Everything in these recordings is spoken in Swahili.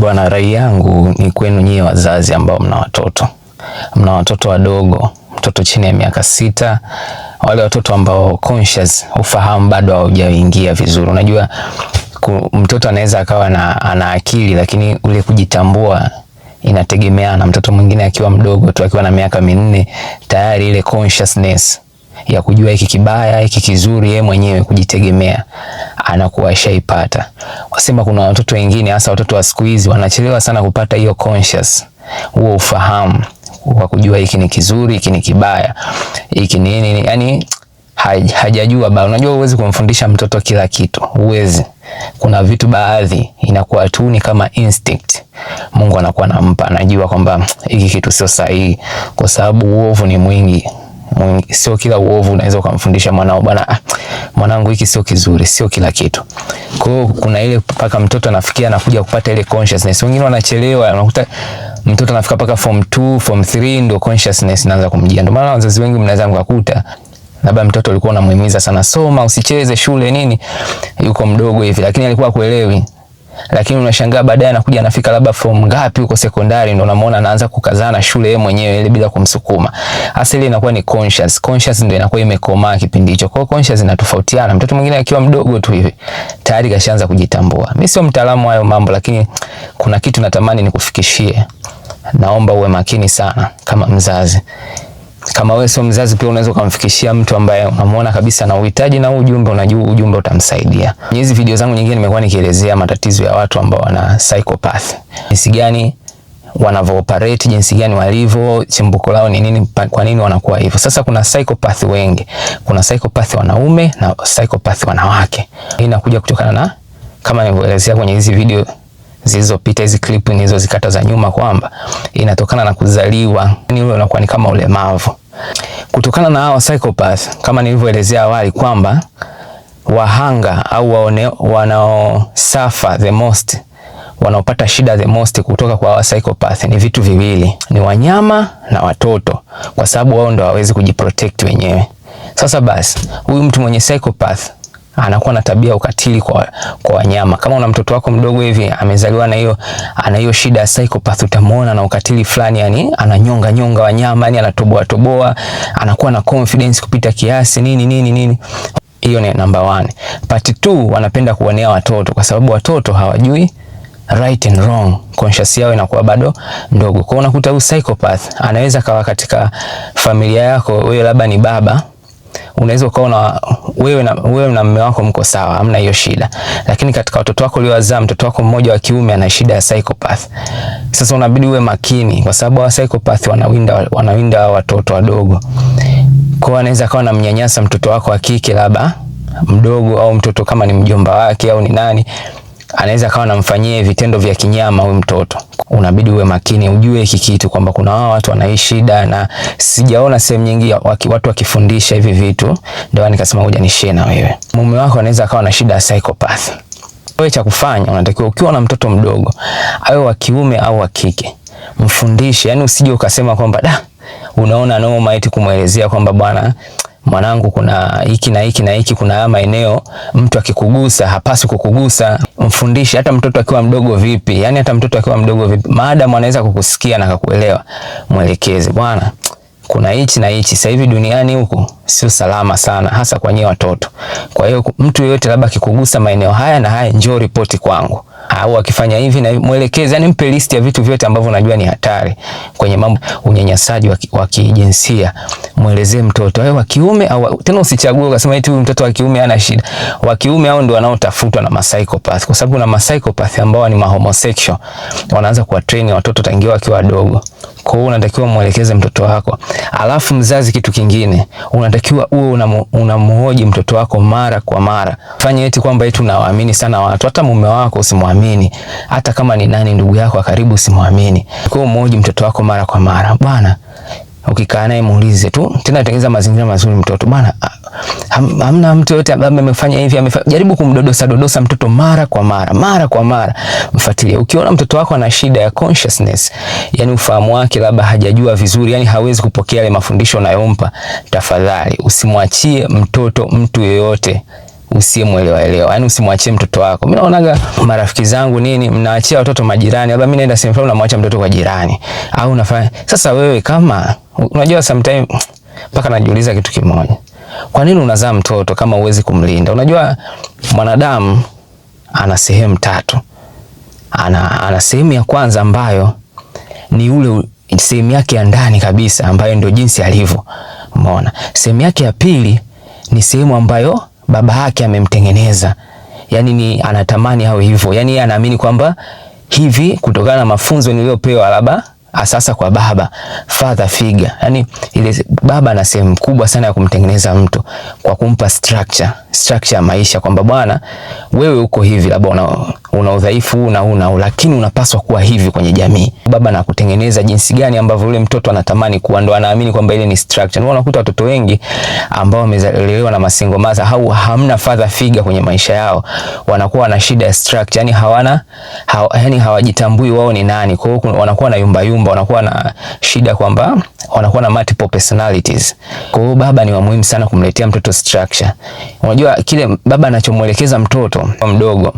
Bwana, rai yangu ni kwenu nyie wazazi ambao mna watoto, mna watoto wadogo, mtoto chini ya miaka sita, wale watoto ambao conscious, ufahamu bado haujaingia vizuri. Unajua mtoto anaweza akawa na, ana akili lakini ule kujitambua inategemeana. Mtoto mwingine akiwa mdogo tu akiwa na miaka minne tayari ile consciousness ya kujua hiki kibaya, hiki kizuri, yeye mwenyewe kujitegemea anakuwa ashaipata. Wasema kuna watoto wengine hasa watoto wa siku hizi wanachelewa sana kupata hiyo conscious, huo ufahamu wa kujua hiki ni kizuri, hiki ni kibaya, hiki ni nini, yani hajajua bado. Unajua, huwezi kumfundisha mtoto kila kitu, huwezi. Kuna vitu baadhi inakuwa tu ni kama instinct, Mungu anakuwa anampa, anajua kwamba hiki kitu sio sahihi, kwa sababu uovu ni mwingi. Mm, sio kila uovu unaweza ukamfundisha mwanao bwana, ah, mwanangu hiki sio kizuri, sio kila kitu. Kwa hiyo kuna ile mpaka mtoto anafikia anakuja kupata ile consciousness. Wengine wanachelewa, unakuta mtoto anafika mpaka form 2, form 3 ndio consciousness inaanza kumjia. Ndio maana wazazi wengi mnaweza mkakuta labda mtoto alikuwa unamuhimiza sana, soma usicheze shule nini, yuko mdogo hivi, lakini alikuwa kuelewi lakini unashangaa baadaye anakuja anafika labda form ngapi huko sekondari, ndo unamwona anaanza kukazana shule yeye mwenyewe ile bila kumsukuma. Hasa ile inakuwa ni conscious, conscious ndio inakuwa imekomaa kipindi hicho. Kwa hiyo conscious inatofautiana, mtoto mwingine akiwa mdogo tu hivi tayari kashaanza kujitambua. Mimi sio mtaalamu hayo mambo, lakini kuna kitu natamani nikufikishie. Naomba uwe makini sana kama mzazi kama wewe sio mzazi pia unaweza ukamfikishia mtu ambaye unamwona kabisa na uhitaji na ujumbe, unajua ujumbe utamsaidia. Kwenye hizi video zangu nyingine nimekuwa nikielezea matatizo ya watu ambao wana psychopath, jinsi gani wanavyooperate, jinsi gani walivyo, chimbuko lao ni nini, kwa nini wanakuwa hivyo. Sasa kuna psychopath wengi, kuna psychopath wanaume na psychopath wanawake. Hii inakuja kutokana na kama nilivyoelezea kwenye hizi video zilizopita hizi clip zikata za nyuma kwamba inatokana na kuzaliwa, ni ule unakuwa ni kama ulemavu kutokana na hao psychopath, kama nilivyoelezea awali kwamba wahanga au waone, wanao suffer the most, wanaopata shida the most kutoka kwa wa psychopath ni vitu viwili, ni wanyama na watoto, kwa sababu wao ndo hawawezi kujiprotect wenyewe. Sasa basi, huyu mtu mwenye psychopath anakuwa na tabia ukatili kwa kwa wanyama. Kama una mtoto wako mdogo hivi amezaliwa na hiyo ana hiyo shida ya psychopath, utamuona na ukatili fulani, yani ananyonga nyonga wanyama, yani anatoboa toboa, anakuwa na confidence kupita kiasi, nini nini nini. Hiyo ni number one. Part two, wanapenda kuonea watoto kwa sababu watoto hawajui right and wrong, conscious yao inakuwa bado ndogo. Kwa unakuta huyu psychopath anaweza kawa katika familia yako, wewe labda ni baba unaweza ukaona wewe na wewe na mume wako mko sawa, hamna hiyo shida, lakini katika watoto wako uliowazaa mtoto wako mmoja wa kiume ana shida ya psychopath. Sasa unabidi uwe makini, kwa sababu wa psychopath wanawinda wanawinda watoto wadogo, kwa anaweza kawa na mnyanyasa mtoto wako wa kike labda mdogo, au mtoto kama ni mjomba wake au ni nani anaweza akawa anamfanyia vitendo vya kinyama huyu mtoto. Unabidi uwe makini, ujue hiki kitu kwamba kuna wao watu wanaishi shida, na sijaona sehemu nyingi waki, watu wakifundisha hivi vitu, ndio nikasema ngoja nishie na wewe. Mume wako anaweza akawa na shida ya psychopath. Wewe cha kufanya unatakiwa ukiwa na mtoto mdogo, awe wa kiume au wa kike, mfundishe. Yani usije ukasema kwamba da, unaona noma eti kumwelezea kwamba bwana mwanangu, kuna hiki na hiki na hiki, kuna haya maeneo mtu akikugusa hapaswi kukugusa. Mfundishe hata mtoto akiwa mdogo vipi, yani hata mtoto akiwa mdogo vipi, maadamu anaweza kukusikia na akakuelewa, mwelekeze bwana kuna hichi na hichi. Sasa hivi duniani huku sio salama sana, hasa kwa nyie watoto. Kwa hiyo mtu yeyote labda akikugusa maeneo haya na haya, njoo ripoti kwangu, au akifanya hivi na mwelekeze, yani mpe listi ya vitu vyote ambavyo unajua ni hatari kwenye mambo unyanyasaji wa kijinsia. Mwelezee mtoto awe wa kiume au tena, usichague ukasema eti huyu mtoto wa kiume ana shida. Wa kiume hao ndio wanaotafutwa na psychopath, kwa sababu na psychopath ambao ni mahomosexual wanaanza kuwatrain watoto tangia wakiwa wadogo kwa hiyo unatakiwa mwelekeze mtoto wako. Alafu mzazi, kitu kingine unatakiwa uwe unamhoji una mtoto wako mara kwa mara. Fanya eti kwamba eti unawaamini sana watu, hata mume wako usimwamini, hata kama ni nani ndugu yako karibu usimwamini. Kwa hiyo mhoji mtoto wako mara kwa mara bwana Ukikaa naye muulize tu, tena tengeneza mazingira mazuri mtoto bana. Ah, ham, hamna mtu yote ambaye amefanya hivi amefanya. Jaribu kumdodosa dodosa mtoto mara kwa mara mara kwa mara, mfuatilie. Ukiona mtoto wako ana shida ya consciousness, yani ufahamu wake labda hajajua vizuri, yani hawezi kupokea yale mafundisho unayompa, tafadhali usimwachie mtoto mtu yeyote usiyemwelewa yani usimwachie mtoto wako. Mi naonaga marafiki zangu nini, mnaachia watoto majirani, labda mi naenda sehemu fulani, namwacha mtoto kwa jirani au nafanya. Sasa wewe kama unajua, sometimes mpaka najiuliza kitu kimoja, kwa nini unazaa mtoto kama uwezi kumlinda? Unajua mwanadamu ana sehemu tatu, ana, ana sehemu ya kwanza ambayo ni ule sehemu yake ya ndani kabisa, ambayo ndio jinsi alivyo. Umeona? Sehemu yake ya pili ni sehemu ambayo baba yake amemtengeneza. Yani ni anatamani awe hivyo, yani yeye anaamini kwamba hivi, kutokana na mafunzo niliyopewa labda asasa kwa baba father figure, yani ile baba ana sehemu kubwa sana ya kumtengeneza mtu kwa kumpa structure, structure ya maisha, kwamba bwana, wewe uko hivi, labda una udhaifu huu na huu lakini unapaswa kuwa hivi kwenye jamii. Baba na kutengeneza jinsi gani ambavyo yule mtoto anatamani kuwa, ndo anaamini kwamba ile ni structure. Ndio unakuta watoto wengi ambao wamelelewa na masingo maza au hamna father figure kwenye maisha yao, wanakuwa na shida ya structure, yani hawana haw, yani hawajitambui wao ni nani. Kwa hiyo wanakuwa na yumba yumba, wanakuwa na shida kwamba wanakuwa na multiple personalities. Kwa hiyo baba ni wa muhimu sana kumletea mtoto structure. Unajua kile baba anachomwelekeza mtoto mdogo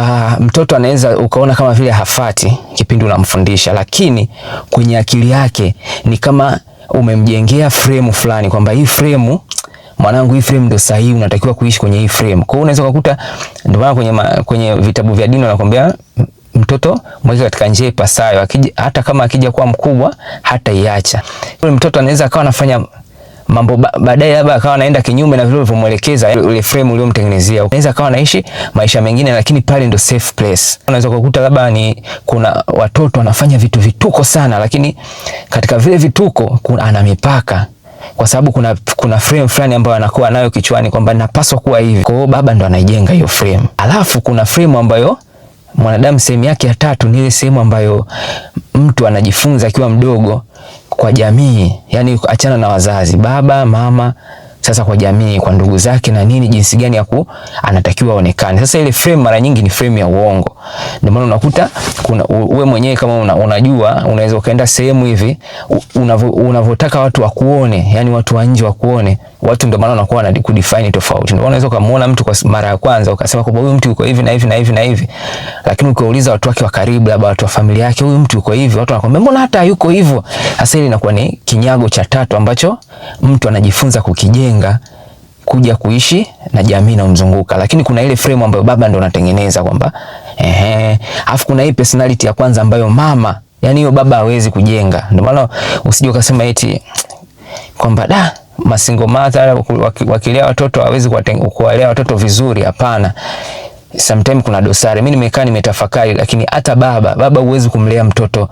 uh, mtoto anaweza ukaona kama vile hafati kipindi unamfundisha, lakini kwenye akili yake ni kama umemjengea fremu fulani kwamba hii fremu mwanangu, hii fremu ndio sahihi, unatakiwa kuishi kwenye hii fremu. Kwa hiyo unaweza kukuta, ndio maana kwenye, kwenye vitabu vya dini wanakuambia mtoto mweke katika njia ipasayo, hata kama akija kuwa mkubwa iacha. Mtoto anaweza akawa anafanya mambo baadaye labda akawa anaenda kinyume na vile ulivyomwelekeza, ile frame uliomtengenezea, Unaweza akawa anaishi maisha mengine, lakini pale ndo safe place. Unaweza kukuta labda ni kuna watoto wanafanya vitu vituko sana, lakini katika vile vituko kuna ana mipaka kwa sababu kuna, kuna frame fulani ambayo anakuwa nayo kichwani kwamba napaswa kuwa hivi. Kwa hiyo baba ndo anaijenga hiyo frame, alafu kuna frame ambayo mwanadamu sehemu yake ya tatu ni ile sehemu ambayo mtu anajifunza akiwa mdogo kwa jamii, yani achana na wazazi, baba mama sasa kwa jamii, kwa ndugu zake na nini, jinsi gani ya ku anatakiwa aonekane. Sasa ile frame mara nyingi ni frame ya uongo, ndio maana unakuta kuna wewe mwenyewe kama una, unajua unaweza ukaenda sehemu hivi unavyotaka watu wakuone, yani watu wa nje wakuone watu, ndio maana wanakuwa na kudefine tofauti. Ndio unaweza ukamuona mtu kwa mara ya kwanza ukasema kwamba huyu mtu yuko hivi na hivi na hivi na hivi, lakini ukiuliza watu wake wa karibu, labda watu wa familia yake, huyu mtu yuko hivi, watu wanakwambia mbona hata yuko hivyo. Hasa ile inakuwa ni kinyago cha tatu ambacho mtu anajifunza kukijenga kuja kuishi na jamii inayomzunguka, lakini kuna ile frame ambayo baba ndo anatengeneza kwamba ehe, afu kuna hii personality ya kwanza ambayo mama, yani hiyo baba hawezi kujenga. Ndio maana usije ukasema eti kwamba da masingo mata wakilea watoto hawezi kuwalea watoto vizuri. Hapana, sometimes kuna dosari. Mimi nimekaa nimetafakari, lakini hata baba baba huwezi kumlea mtoto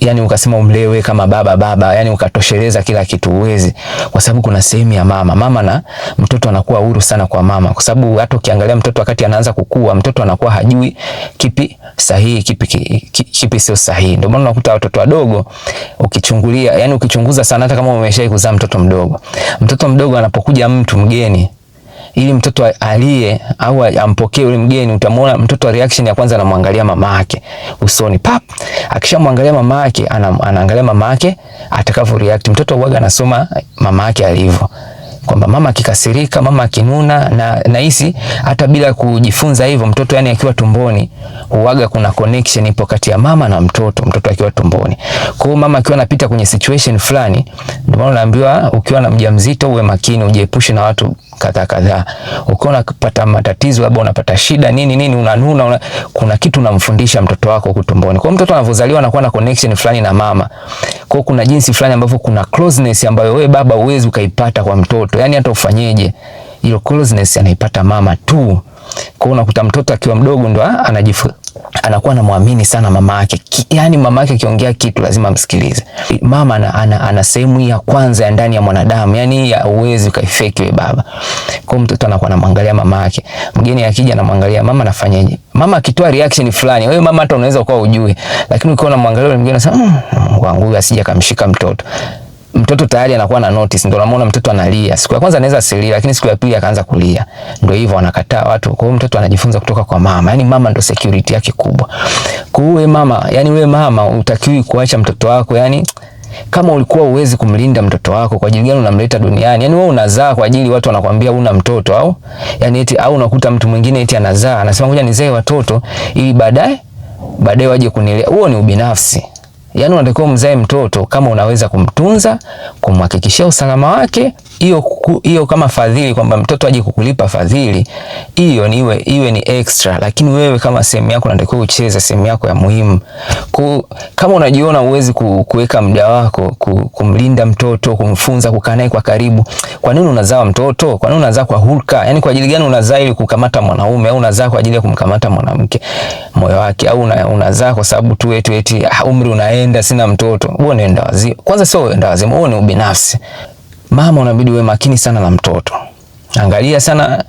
yani ukasema umlewe kama baba baba, yani ukatosheleza kila kitu uwezi, kwa sababu kuna sehemu ya mama mama na mtoto anakuwa huru sana kwa mama, kwa sababu hata ukiangalia mtoto wakati anaanza kukua, mtoto anakuwa hajui kipi sahihi kipi, kipi, kipi sio sahihi. Ndio maana unakuta watoto wadogo ukichungulia, yani ukichunguza sana, hata kama umeshai kuzaa mtoto mdogo, mtoto mdogo anapokuja mtu mgeni ili mtoto alie au ampokee yule mgeni, utamwona mtoto wa reaction ya kwanza anamwangalia mama yake usoni pap. Akishamwangalia mama yake, anaangalia mama yake atakavyo react. Mtoto huaga anasoma mama yake alivyo kwamba mama akikasirika, mama akinuna, na nahisi hata bila kujifunza hivyo, mtoto yani akiwa tumboni huaga kuna connection ipo kati ya mama na mtoto, mtoto akiwa tumboni. Kwa hiyo mama akiwa anapita kwenye situation fulani, ndio maana unaambiwa ukiwa na mjamzito uwe makini, ujiepushe na watu kadhaa kadhaa. Ukiwa unapata matatizo labda unapata shida nini nini, unanuna una, kuna kitu unamfundisha mtoto wako huko tumboni. Kwa mtoto anavyozaliwa anakuwa na connection fulani na mama. Kwa kuna jinsi fulani ambavyo kuna closeness ambayo wewe baba uwezi ukaipata kwa mtoto. yani hata ufanyeje, hiyo closeness anaipata mama tu. Kwa unakuta mtoto akiwa mdogo ndo ah, anajifunza anakuwa anamwamini sana mama yake. Yani mama yake akiongea kitu lazima amsikilize. Mama ana, ana, ana sehemu ya kwanza ya ndani ya mwanadamu, yani hauwezi ya ukaifeki wewe baba. Kwa hiyo mtoto anakuwa anamwangalia mama yake. Mgeni akija anamwangalia mama anafanyaje. Mama akitoa reaction fulani, wewe mama hata unaweza ukawa ujue, lakini ukiona mwangalia mgeni unasema, mmm, wangu asije akamshika mtoto mtoto tayari anakuwa na notice, ndio unamuona mtoto analia. Siku ya kwanza anaweza asilia, lakini siku ya pili akaanza kulia. Ndio hivyo anakataa watu. Kwa hiyo mtoto anajifunza kutoka kwa mama. yani mama ndio security yake kubwa. Kwa hiyo mama, yani wewe mama yaani utakiwi kuacha mtoto wako, yani kama ulikuwa uwezi kumlinda mtoto wako kwa ajili gani unamleta duniani? Yani wewe unazaa kwa ajili watu wanakwambia una mtoto au yani eti au unakuta mtu mwingine eti anazaa anasema ngoja nizae watoto ili baadaye baadaye waje kunilea. Huo ni ubinafsi. Yaani unatakiwa mzae mtoto kama unaweza kumtunza, kumhakikishia usalama wake hiyo hiyo kama fadhili kwamba mtoto aje kukulipa fadhili hiyo ni iwe, iwe ni extra, lakini wewe kama sehemu yako unatakiwa ucheze sehemu yako ya muhimu. Kwa kama unajiona uwezi kuweka muda wako kumlinda mtoto, kumfunza, kukaa naye kwa karibu, kwa nini unazaa mtoto? Kwa nini unazaa kwa hulka? Yani kwa ajili gani unazaa? Ili kukamata mwanaume au unazaa kwa ajili ya kumkamata mwanamke moyo wake? Au unazaa kwa sababu tu eti eti ah, umri unaenda, sina mtoto? Wewe unaenda wazimu. Kwanza sio unaenda wazimu, wewe ni ubinafsi mama, unabidi uwe makini sana na mtoto. Angalia sana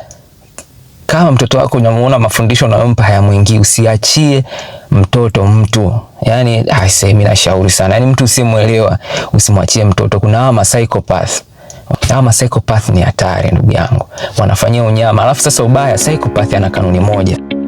kama mtoto wako unamuona mafundisho unayompa hayamwingii, usiachie mtoto mtu. Yani aisee, ah, mimi nashauri sana, yani mtu usiyemwelewa usimwachie mtoto. Kuna hawa ma psychopath hawa ma psychopath ni hatari ndugu yangu, wanafanyia unyama. Alafu sasa ubaya, psychopath ana kanuni moja